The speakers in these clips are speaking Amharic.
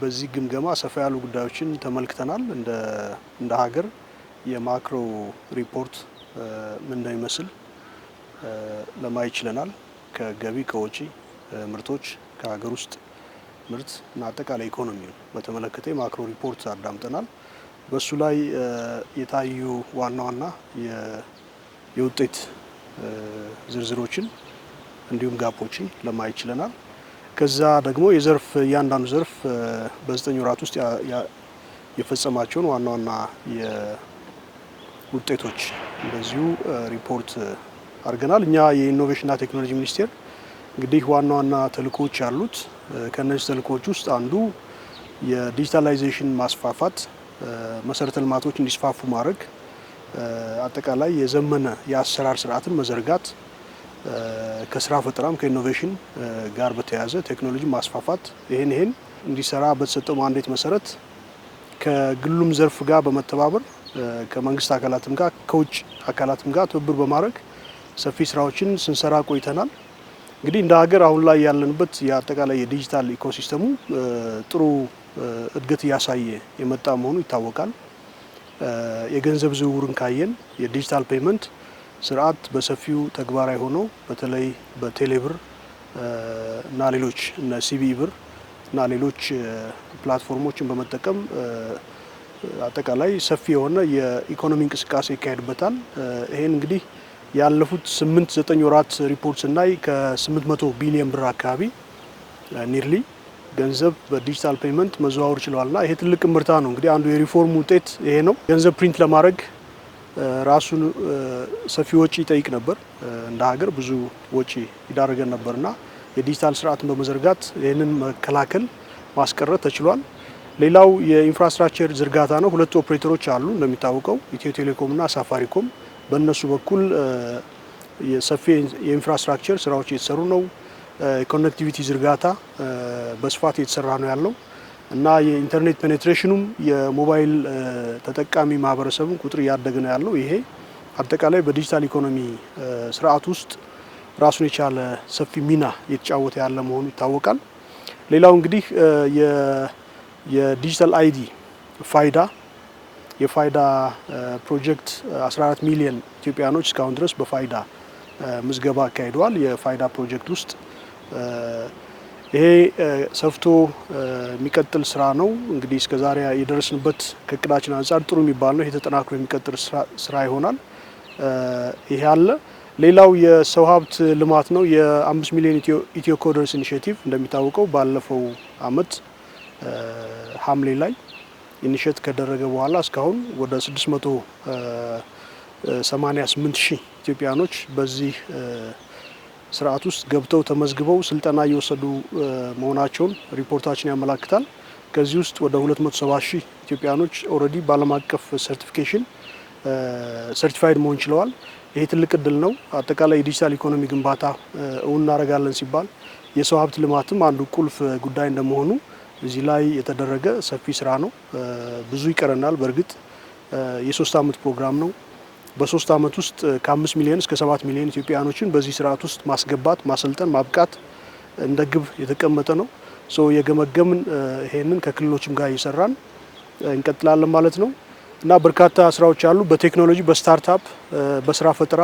በዚህ ግምገማ ሰፋ ያሉ ጉዳዮችን ተመልክተናል። እንደ ሀገር የማክሮ ሪፖርት ምን እንደሚመስል ለማየት ችለናል። ከገቢ ከወጪ ምርቶች፣ ከሀገር ውስጥ ምርት እና አጠቃላይ ኢኮኖሚውን በተመለከተ የማክሮ ሪፖርት አዳምጠናል። በእሱ ላይ የታዩ ዋና ዋና የውጤት ዝርዝሮችን እንዲሁም ጋፖችን ለማየት ችለናል። ከዛ ደግሞ የዘርፍ እያንዳንዱ ዘርፍ በዘጠኝ ወራት ውስጥ የፈጸማቸውን ዋና ዋና ውጤቶች እንደዚሁ ሪፖርት አድርገናል። እኛ የኢኖቬሽንና ቴክኖሎጂ ሚኒስቴር እንግዲህ ዋና ዋና ተልእኮዎች ያሉት ከእነዚህ ተልእኮዎች ውስጥ አንዱ የዲጂታላይዜሽን ማስፋፋት፣ መሰረተ ልማቶች እንዲስፋፉ ማድረግ፣ አጠቃላይ የዘመነ የአሰራር ስርዓትን መዘርጋት ከስራ ፈጠራም ከኢኖቬሽን ጋር በተያያዘ ቴክኖሎጂ ማስፋፋት ይህን ይህን እንዲሰራ በተሰጠው ማንዴት መሰረት ከግሉም ዘርፍ ጋር በመተባበር ከመንግስት አካላትም ጋር ከውጭ አካላትም ጋር ትብብር በማድረግ ሰፊ ስራዎችን ስንሰራ ቆይተናል። እንግዲህ እንደ ሀገር አሁን ላይ ያለንበት የአጠቃላይ የዲጂታል ኢኮሲስተሙ ጥሩ እድገት እያሳየ የመጣ መሆኑ ይታወቃል። የገንዘብ ዝውውርን ካየን የዲጂታል ፔመንት ስርዓት በሰፊው ተግባራዊ ሆኖ በተለይ በቴሌብር እና ሌሎች እነ ሲቢኢ ብር እና ሌሎች ፕላትፎርሞችን በመጠቀም አጠቃላይ ሰፊ የሆነ የኢኮኖሚ እንቅስቃሴ ይካሄድበታል። ይሄን እንግዲህ ያለፉት ስምንት ዘጠኝ ወራት ሪፖርት ስናይ ከ800 ቢሊዮን ብር አካባቢ ኒርሊ ገንዘብ በዲጂታል ፔመንት መዘዋወር ችለዋልና ይሄ ትልቅ ምርታ ነው። እንግዲህ አንዱ የሪፎርም ውጤት ይሄ ነው። ገንዘብ ፕሪንት ለማድረግ ራሱን ሰፊ ወጪ ይጠይቅ ነበር። እንደ ሀገር ብዙ ወጪ ይዳረገን ነበርና የዲጂታል ስርዓትን በመዘርጋት ይህንን መከላከል ማስቀረት ተችሏል። ሌላው የኢንፍራስትራክቸር ዝርጋታ ነው። ሁለት ኦፕሬተሮች አሉ እንደሚታወቀው ኢትዮ ቴሌኮምና ሳፋሪኮም። በእነሱ በኩል ሰፊ የኢንፍራስትራክቸር ስራዎች እየተሰሩ ነው። የኮኔክቲቪቲ ዝርጋታ በስፋት እየተሰራ ነው ያለው። እና የኢንተርኔት ፔኔትሬሽኑም የሞባይል ተጠቃሚ ማህበረሰቡን ቁጥር እያደገ ነው ያለው። ይሄ አጠቃላይ በዲጂታል ኢኮኖሚ ስርዓት ውስጥ ራሱን የቻለ ሰፊ ሚና እየተጫወተ ያለ መሆኑ ይታወቃል። ሌላው እንግዲህ የዲጂታል አይዲ ፋይዳ የፋይዳ ፕሮጀክት 14 ሚሊዮን ኢትዮጵያኖች እስካሁን ድረስ በፋይዳ ምዝገባ አካሂደዋል። የፋይዳ ፕሮጀክት ውስጥ ይሄ ሰፍቶ የሚቀጥል ስራ ነው። እንግዲህ እስከዛሬ የደረስንበት ከእቅዳችን አንጻር ጥሩ የሚባል ነው። ይሄ ተጠናክሮ የሚቀጥል ስራ ይሆናል። ይሄ አለ። ሌላው የሰው ሀብት ልማት ነው። የአምስት ሚሊዮን ኢትዮ ኮደርስ ኢኒሽቲቭ እንደሚታወቀው ባለፈው አመት ሐምሌ ላይ ኢኒሽት ከደረገ በኋላ እስካሁን ወደ 688 ሺህ ኢትዮጵያኖች በዚህ ስርዓት ውስጥ ገብተው ተመዝግበው ስልጠና እየወሰዱ መሆናቸውን ሪፖርታችን ያመላክታል። ከዚህ ውስጥ ወደ 270 ሺህ ኢትዮጵያኖች ኦልሬዲ በዓለም አቀፍ ሰርቲፊኬሽን ሰርቲፋይድ መሆን ችለዋል። ይሄ ትልቅ እድል ነው። አጠቃላይ የዲጂታል ኢኮኖሚ ግንባታ እውን እናደርጋለን ሲባል የሰው ሀብት ልማትም አንዱ ቁልፍ ጉዳይ እንደመሆኑ እዚህ ላይ የተደረገ ሰፊ ስራ ነው። ብዙ ይቀረናል። በእርግጥ የሶስት አመት ፕሮግራም ነው። በሶስት አመት ውስጥ ከአምስት ሚሊዮን እስከ ሰባት ሚሊዮን ኢትዮጵያውያኖችን በዚህ ስርዓት ውስጥ ማስገባት፣ ማሰልጠን፣ ማብቃት እንደ ግብ የተቀመጠ ነው። ሶ የገመገምን ይሄንን ከክልሎችም ጋር እየሰራን እንቀጥላለን ማለት ነው እና በርካታ ስራዎች አሉ። በቴክኖሎጂ በስታርታፕ በስራ ፈጠራ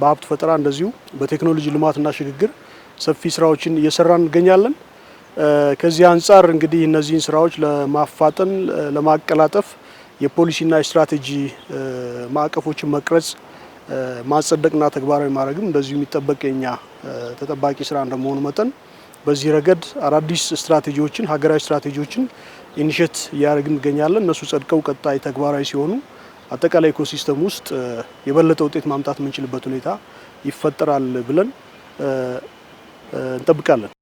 በሀብት ፈጠራ እንደዚሁ በቴክኖሎጂ ልማትና ሽግግር ሰፊ ስራዎችን እየሰራን እንገኛለን። ከዚህ አንጻር እንግዲህ እነዚህን ስራዎች ለማፋጠን ለማቀላጠፍ የፖሊሲና የስትራቴጂ ማዕቀፎችን መቅረጽ ማጸደቅና ተግባራዊ ማድረግም እንደዚሁ የሚጠበቅ የኛ ተጠባቂ ስራ እንደመሆኑ መጠን በዚህ ረገድ አዳዲስ ስትራቴጂዎችን ሀገራዊ ስትራቴጂዎችን ኢኒሽት እያደረግን እንገኛለን። እነሱ ጸድቀው ቀጣይ ተግባራዊ ሲሆኑ አጠቃላይ ኢኮሲስተም ውስጥ የበለጠ ውጤት ማምጣት የምንችልበት ሁኔታ ይፈጠራል ብለን እንጠብቃለን።